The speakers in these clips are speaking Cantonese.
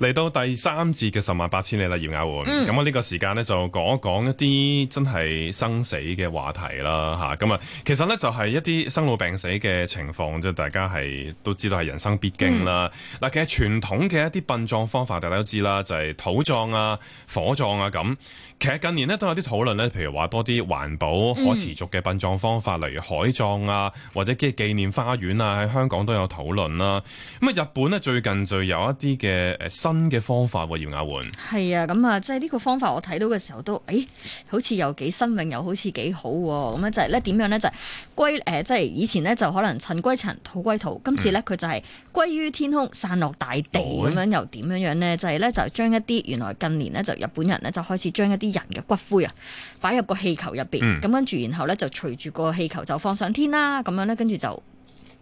嚟到第三節嘅十萬八千里啦，葉雅媛。咁我呢個時間呢，就講一講一啲真係生死嘅話題啦，嚇。咁啊，其實呢，就係、是、一啲生老病死嘅情況，即大家係都知道係人生必經啦。嗱、嗯，其實傳統嘅一啲殯葬方法，大家都知啦，就係、是、土葬啊、火葬啊咁。其實近年咧都有啲討論咧，譬如話多啲環保可持續嘅殯葬方法，例如海葬啊，或者嘅紀念花園啊，喺香港都有討論啦。咁啊，日本咧最近就有一啲嘅誒新嘅方法喎，葉雅媛。係啊，咁啊，即係呢個方法，我睇到嘅時候都，誒、欸，好似又幾新穎，又好似幾好、啊，咁咧就係咧點樣咧就係、是、歸誒、呃，即係以前咧就可能塵歸塵，土歸土，今次咧佢就係歸於天空，散落大地咁、嗯、樣，又點樣樣咧？就係、是、咧就將一啲原來近年咧就日本人咧就開始將一啲人嘅骨灰啊擺入個氣球入邊，咁跟住然後咧就隨住個氣球就放上天啦，咁樣咧跟住就。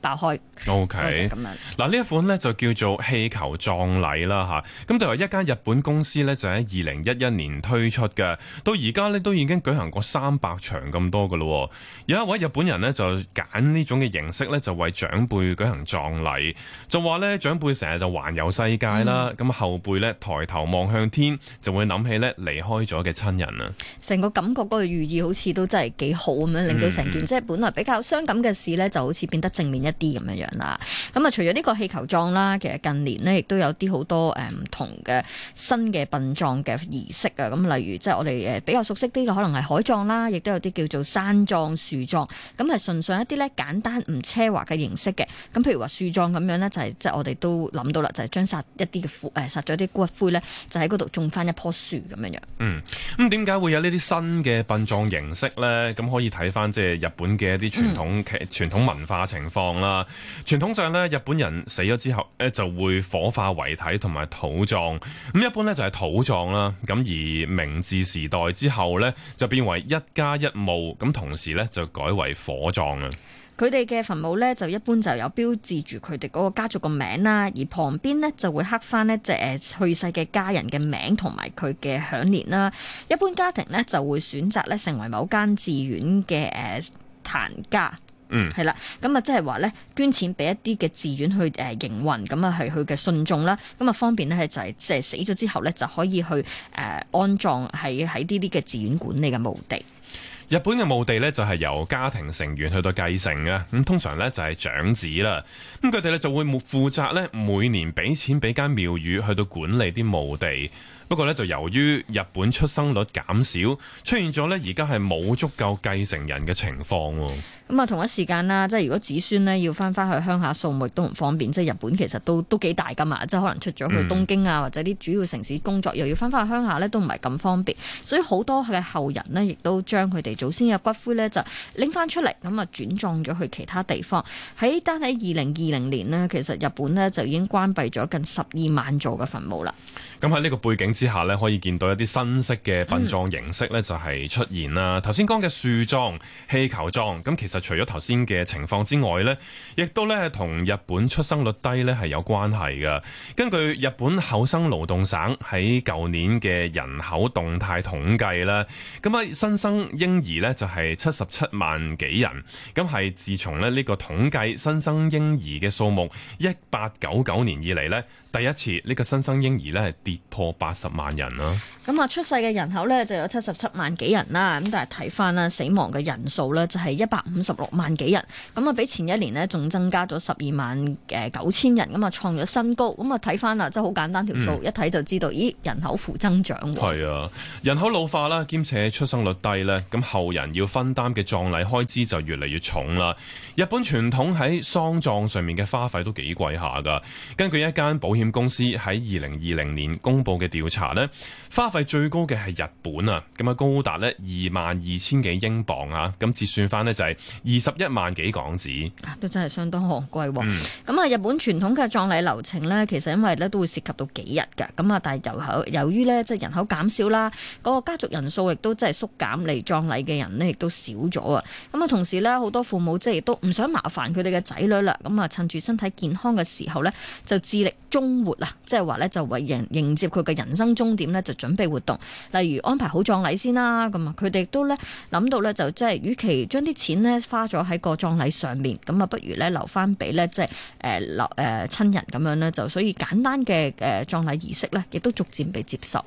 爆開，OK，咁樣。嗱呢一款呢就叫做氣球葬禮啦，吓、啊、咁就有一間日本公司呢，就喺二零一一年推出嘅，到而家呢，都已經舉行過三百場咁多噶咯。有一位日本人呢，就揀呢種嘅形式呢，就為長輩舉行葬禮，就話呢，長輩成日就環遊世界啦，咁、嗯、後輩呢，抬頭望向天就會諗起呢離開咗嘅親人啊。成個感覺個寓意好似都真係幾好咁樣，令到成件、嗯、即係本來比較傷感嘅事呢，就好似變得正面。一啲咁樣樣啦，咁、嗯、啊，除咗呢個氣球葬啦，其實近年呢亦都有啲好多誒唔、嗯、同嘅新嘅殯葬嘅儀式啊，咁、嗯、例如即係我哋誒比較熟悉啲嘅，可能係海葬啦，亦都有啲叫做山葬、樹葬，咁係崇尚一啲咧簡單唔奢華嘅形式嘅，咁譬如話樹葬咁樣咧，就係即係我哋都諗到啦，就係將殺一啲嘅誒殺咗啲骨灰咧，就喺嗰度種翻一棵樹咁樣樣。嗯，咁點解會有呢啲新嘅殯葬形式咧？咁、嗯、可以睇翻即係日本嘅一啲傳統劇傳、嗯、統文化情況。啦，傳統上咧，日本人死咗之後，誒就會火化遺體同埋土葬。咁一般咧就係土葬啦。咁而明治時代之後咧，就變為一家一墓。咁同時咧就改為火葬啦。佢哋嘅墳墓咧就一般就有標誌住佢哋嗰個家族個名啦，而旁邊咧就會刻翻咧即係誒去世嘅家人嘅名同埋佢嘅享年啦。一般家庭咧就會選擇咧成為某間寺院嘅誒檀家。嗯，係啦，咁啊，即係話咧，捐錢俾一啲嘅寺院去誒營運，咁啊係佢嘅信眾啦，咁啊方便咧係就係即係死咗之後咧就可以去誒安葬喺喺呢啲嘅寺院管理嘅墓地。日本嘅墓地咧就係由家庭成員去到繼承㗎，咁通常咧就係長子啦，咁佢哋咧就會負負責咧每年俾錢俾間廟宇去到管理啲墓地。不過咧，就由於日本出生率減少，出現咗呢而家係冇足夠繼承人嘅情況。咁啊，同一時間啦，即係如果子孫呢要翻返去鄉下掃墓都唔方便。即係日本其實都都幾大噶嘛，即係可能出咗去東京啊，或者啲主要城市工作，嗯、又要翻返去鄉下呢，都唔係咁方便。所以好多佢嘅後人呢，亦都將佢哋祖先嘅骨灰呢就拎翻出嚟，咁啊轉葬咗去其他地方。喺單喺二零二零年呢，其實日本呢就已經關閉咗近十二萬座嘅墳墓啦。咁喺呢個背景之下咧，可以見到一啲新式嘅殯葬形式咧，就係出現啦。頭先講嘅樹葬氣球葬，咁其實除咗頭先嘅情況之外咧，亦都咧同日本出生率低咧係有關係嘅。根據日本厚生勞動省喺舊年嘅人口動態統計啦，咁啊新生嬰兒咧就係七十七萬幾人，咁係自從咧呢個統計新生嬰兒嘅數目一八九九年以嚟咧第一次呢個新生嬰兒咧係跌破八十十萬人啦，咁啊出世嘅人口咧就有七十七萬幾人啦，咁但係睇翻啦死亡嘅人數咧就係一百五十六萬幾人，咁啊比前一年呢仲增加咗十二萬誒九千人咁啊，創咗新高，咁啊睇翻啊即係好簡單條數，嗯，一睇就知道咦人口負增長喎，係啊人口老化啦，兼且出生率低咧，咁後人要分擔嘅葬禮開支就越嚟越重啦。日本傳統喺喪葬上面嘅花費都幾貴下噶，根據一間保險公司喺二零二零年公布嘅調查。查咧，花費最高嘅係日本啊，咁啊高達咧二萬二千幾英鎊啊，咁折算翻咧就係二十一萬幾港紙啊，都真係相當昂貴。咁啊、嗯，日本傳統嘅葬禮流程咧，其實因為咧都會涉及到幾日嘅，咁啊，但係由口由於咧即係人口減少啦，個家族人數亦都真係縮減，嚟葬禮嘅人咧亦都少咗啊。咁啊，同時咧好多父母即係都唔想麻煩佢哋嘅仔女啦，咁啊趁住身體健康嘅時候咧就致力終活啊，即係話咧就為迎迎接佢嘅人生，終點咧就準備活動，例如安排好葬禮先啦，咁啊，佢哋都咧諗到咧就即、就、係、是，與其將啲錢咧花咗喺個葬禮上面，咁啊，不如咧留翻俾咧即係誒留誒親人咁樣咧，就所以簡單嘅誒、呃、葬禮儀式咧，亦都逐漸被接受。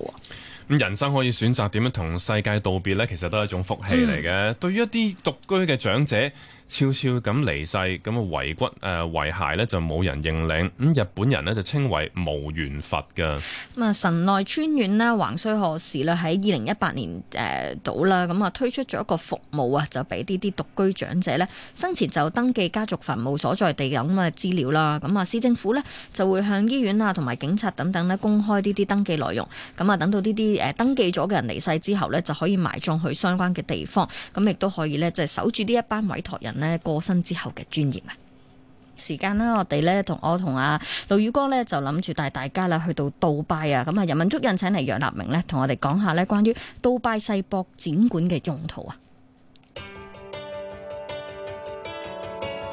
咁人生可以選擇點樣同世界道別咧，其實都係一種福氣嚟嘅。嗯、對於一啲獨居嘅長者。悄悄咁離世，咁啊遺骨誒遺、呃、骸呢，就冇人認領，咁日本人呢，就稱為無緣佛嘅。咁啊神奈川縣咧橫須賀市啦，喺二零一八年誒到啦，咁、呃、啊推出咗一個服務啊，就俾呢啲獨居長者呢，生前就登記家族墳墓所在地嘅咁啊資料啦。咁啊市政府呢，就會向醫院啊同埋警察等等呢，公開呢啲登記內容。咁、嗯、啊等到呢啲誒登記咗嘅人離世之後呢，就可以埋葬去相關嘅地方，咁亦都可以咧就係、守住呢一班委託人。咧過身之後嘅專業啊，時間啦，我哋咧同我同阿盧宇哥咧就諗住帶大家啦去到杜拜啊。咁啊，人文足印請嚟楊立明咧同我哋講下咧關於杜拜世博展館嘅用途啊。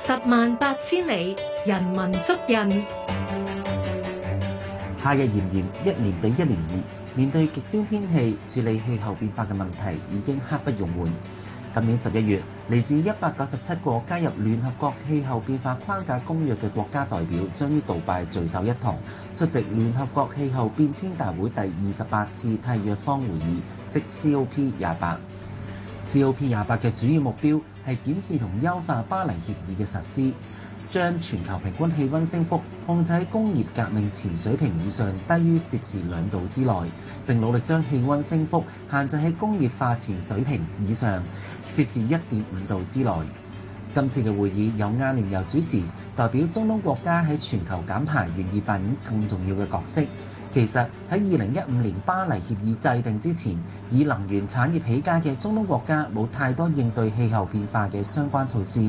十萬八千里，人文足印。夏日炎炎，一年比一年熱，面對極端天氣，處理氣候變化嘅問題已經刻不容緩。今年十一月，嚟自一百九十七個加入聯合國氣候變化框架公約嘅國家代表，將於杜拜聚首一堂，出席聯合國氣候變遷大會第二十八次締約方會議，即 COP 廿八。COP 廿八嘅主要目標係檢視同優化《巴黎協議》嘅實施。將全球平均氣温升幅控制喺工業革命前水平以上低於攝氏兩度之內，並努力將氣温升幅限制喺工業化前水平以上攝氏一點五度之內。今次嘅會議由阿聯酋主持，代表中東國家喺全球減排願意扮演更重要嘅角色。其實喺二零一五年巴黎協議制定之前，以能源產業起家嘅中東國家冇太多應對氣候變化嘅相關措施。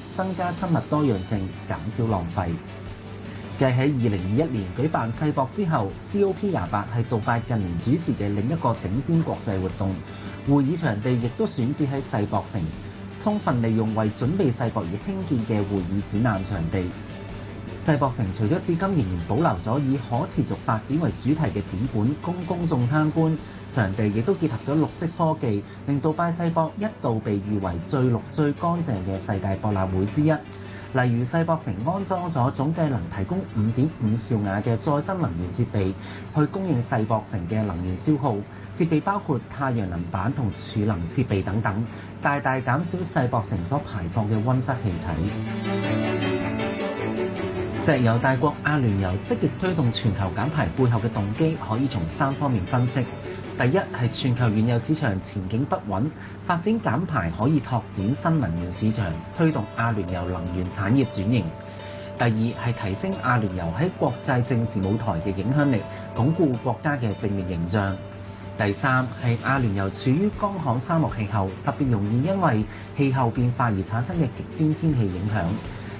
增加生物多樣性，減少浪費。繼喺二零二一年舉辦世博之後，COP 廿八係杜拜近年主持嘅另一個頂尖國際活動。會議場地亦都選址喺世博城，充分利用為準備世博而興建嘅會議展覽場地。世博城除咗至今仍然保留咗以可持續發展為主題嘅展館供公眾參觀，場地亦都結合咗綠色科技，令到杜拜世博一度被譽為最綠最乾淨嘅世界博覽會之一。例如，世博城安裝咗總計能提供五點五兆瓦嘅再生能源設備去供應世博城嘅能源消耗。設備，包括太陽能板同儲能設備等等，大大減少世博城所排放嘅溫室氣體。石油大國阿聯酋積極推動全球減排背後嘅動機，可以從三方面分析。第一係全球原油市場前景不穩，發展減排可以拓展新能源市場，推動阿聯酋能源產業轉型。第二係提升阿聯酋喺國際政治舞台嘅影響力，鞏固國家嘅正面形象。第三係阿聯酋處於乾旱沙漠氣候，特別容易因為氣候變化而產生嘅極端天氣影響。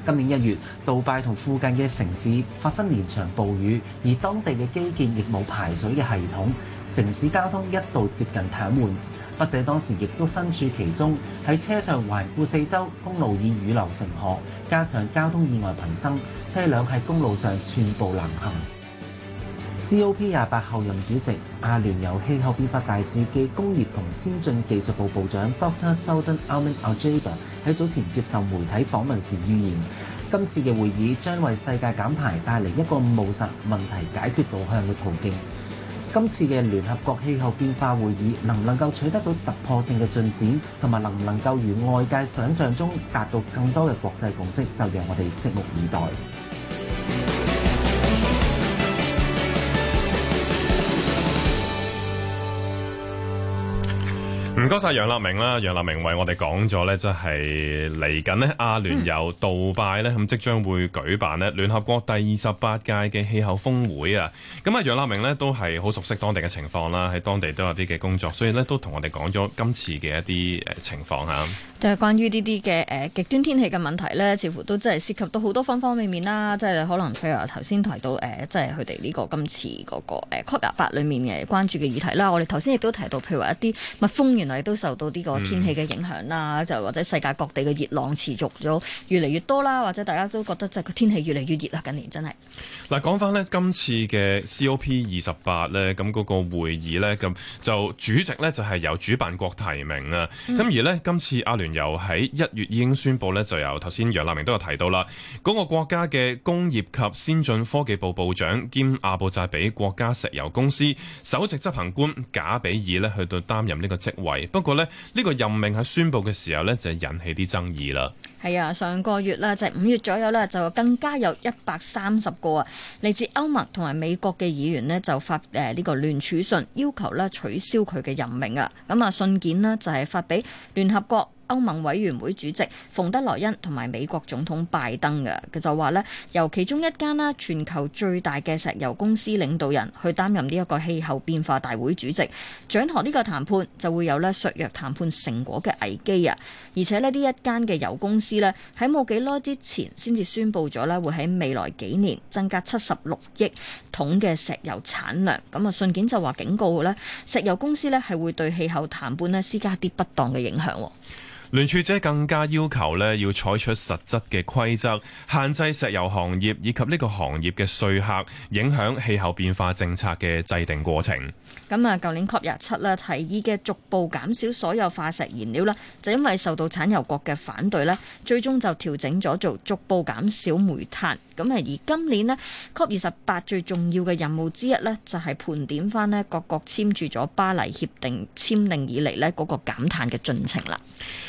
今年一月，杜拜同附近嘅城市發生連場暴雨，而當地嘅基建亦冇排水嘅系統，城市交通一度接近癱瘓，筆者當時亦都身處其中，喺車上環顧四周，公路已雨流成河，加上交通意外頻生，車輛喺公路上寸步難行。COP 廿八後任主席、亞聯酋氣候變化大使暨工業同先進技術部部長 Dr. Snowden 蘇丹阿明 e 傑 a 喺早前接受媒體訪問時預言，今次嘅會議將為世界減排帶嚟一個務實問題解決導向嘅途徑。今次嘅聯合國氣候變化會議能唔能夠取得到突破性嘅進展，同埋能唔能夠如外界想像中達到更多嘅國際共識，就讓我哋拭目以待。唔該晒，楊立明啦，楊立明為我哋講咗咧，即係嚟緊呢阿聯酋杜拜咧，咁即將會舉辦呢聯合國第二十八屆嘅氣候峰會啊。咁、嗯、啊，楊立明呢，都係好熟悉當地嘅情況啦，喺當地都有啲嘅工作，所以呢，都同我哋講咗今次嘅一啲誒情況嚇。就係關於呢啲嘅誒極端天氣嘅問題呢，似乎都真係涉及到好多方方面面啦。即係可能譬如話頭先提到誒、呃，即係佢哋呢個今次嗰、那個誒 COP28 裏面嘅關注嘅議題啦。我哋頭先亦都提到，譬如話一啲蜜蜂源。都受到呢個天氣嘅影響啦，嗯、就或者世界各地嘅熱浪持續咗越嚟越多啦，或者大家都覺得就係個天氣越嚟越熱啦，近年真係嗱，講翻咧今次嘅 COP 二十八咧，咁嗰個會議咧，咁就主席咧就係、是、由主辦國提名啊。咁、嗯、而咧今次阿聯酋喺一月已經宣布咧，就由頭先楊立明都有提到啦，嗰個國家嘅工業及先進科技部部長兼阿布扎比國家石油公司首席執行官賈比爾咧去到擔任呢個職位。不過咧，呢個任命喺宣布嘅時候呢，就引起啲爭議啦。係啊，上個月啦，就係、是、五月左右啦，就更加有一百三十個啊，嚟自歐盟同埋美國嘅議員呢，就發誒呢個聯署信，要求咧取消佢嘅任命啊。咁啊，信件呢就係發俾聯合國。歐盟委員會主席馮德萊恩同埋美國總統拜登嘅，佢就話咧，由其中一間啦，全球最大嘅石油公司領導人去擔任呢一個氣候變化大會主席，掌舵呢個談判就會有咧削弱談判成果嘅危機啊！而且咧呢一間嘅油公司咧喺冇幾耐之前先至宣布咗咧會喺未來幾年增加七十六億桶嘅石油產量。咁啊，信件就話警告咧，石油公司咧係會對氣候談判咧施加一啲不當嘅影響。聯署者更加要求咧，要採取實質嘅規則，限制石油行業以及呢個行業嘅說客影響氣候變化政策嘅制定過程。咁啊，舊年 COP 廿七咧提議嘅逐步減少所有化石燃料啦，就因為受到產油國嘅反對咧，最終就調整咗做逐步減少煤炭。咁啊，而今年呢 COP 二十八最重要嘅任務之一咧，就係、是、盤點翻咧各國簽署咗巴黎協定簽訂以嚟咧嗰個減碳嘅進程啦。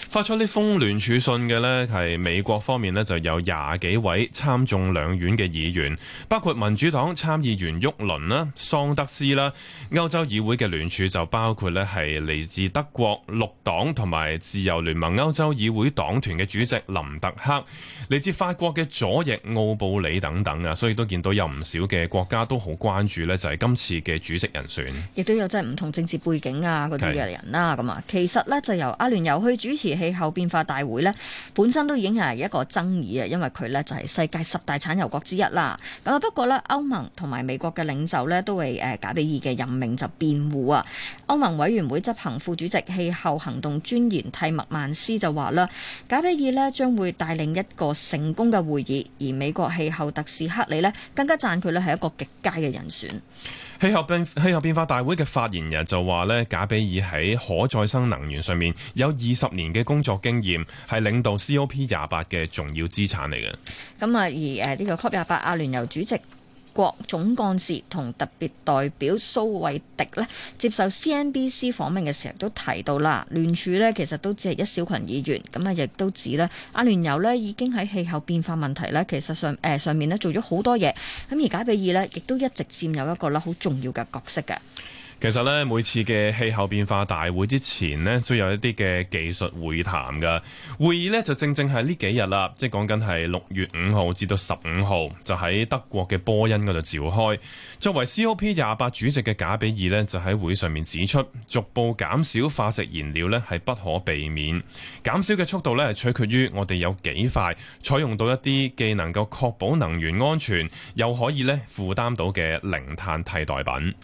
發出呢封聯署信嘅咧，係美國方面咧就有廿幾位參眾兩院嘅議員，包括民主黨參議員沃倫啦、桑德斯啦、歐。歐洲議會嘅聯署就包括咧係嚟自德國綠黨同埋自由聯盟歐洲議會黨團嘅主席林特克，嚟自法國嘅左翼奧布里等等啊，所以都見到有唔少嘅國家都好關注呢就係今次嘅主席人選，亦都有即係唔同政治背景啊嗰啲嘅人啦，咁啊，是其實呢就由阿聯酋去主持氣候變化大會呢本身都已經係一個爭議啊，因為佢呢就係、是、世界十大產油國之一啦。咁啊，不過呢，歐盟同埋美國嘅領袖呢都係誒賈比爾嘅任命。就辯護啊！歐盟委員會執行副主席、氣候行動專員蒂麥曼斯就話啦，賈比爾咧將會帶領一個成功嘅會議，而美國氣候特使克里咧更加讚佢咧係一個極佳嘅人選。氣候變氣候變化大會嘅發言人就話咧，賈比爾喺可再生能源上面有二十年嘅工作經驗，係領導 COP 廿八嘅重要資產嚟嘅。咁啊，而誒呢個 COP 廿八阿聯酋主席。國總幹事同特別代表蘇慧迪咧接受 CNBC 訪問嘅時候都提到啦，聯署咧其實都只係一小群議員，咁啊亦都指呢阿聯酋咧已經喺氣候變化問題呢，其實上誒、呃、上面咧做咗好多嘢，咁而解比爾呢，亦都一直佔有一個啦好重要嘅角色嘅。其實咧，每次嘅氣候變化大會之前咧，都有一啲嘅技術會談噶。會議呢就正正係呢幾日啦，即係講緊係六月五號至到十五號，就喺德國嘅波恩嗰度召開。作為 COP 廿八主席嘅賈比爾呢，就喺會上面指出，逐步減少化石燃料呢係不可避免，減少嘅速度呢，係取決於我哋有幾快採用到一啲既能夠確保能源安全，又可以呢負擔到嘅零碳替代品。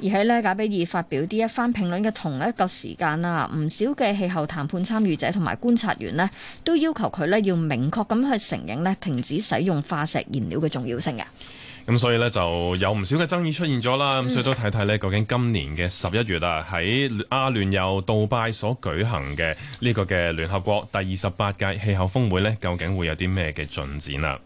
而喺呢，賈比爾發表呢一番評論嘅同一個時間啦，唔少嘅氣候談判參與者同埋觀察員呢都要求佢呢要明確咁去承認呢停止使用化石燃料嘅重要性嘅。咁、嗯、所以呢，就有唔少嘅爭議出現咗啦。咁所以都睇睇呢，究竟今年嘅十一月啊，喺阿聯酋杜拜所舉行嘅呢個嘅聯合國第二十八屆氣候峰會呢，究竟會有啲咩嘅進展啊？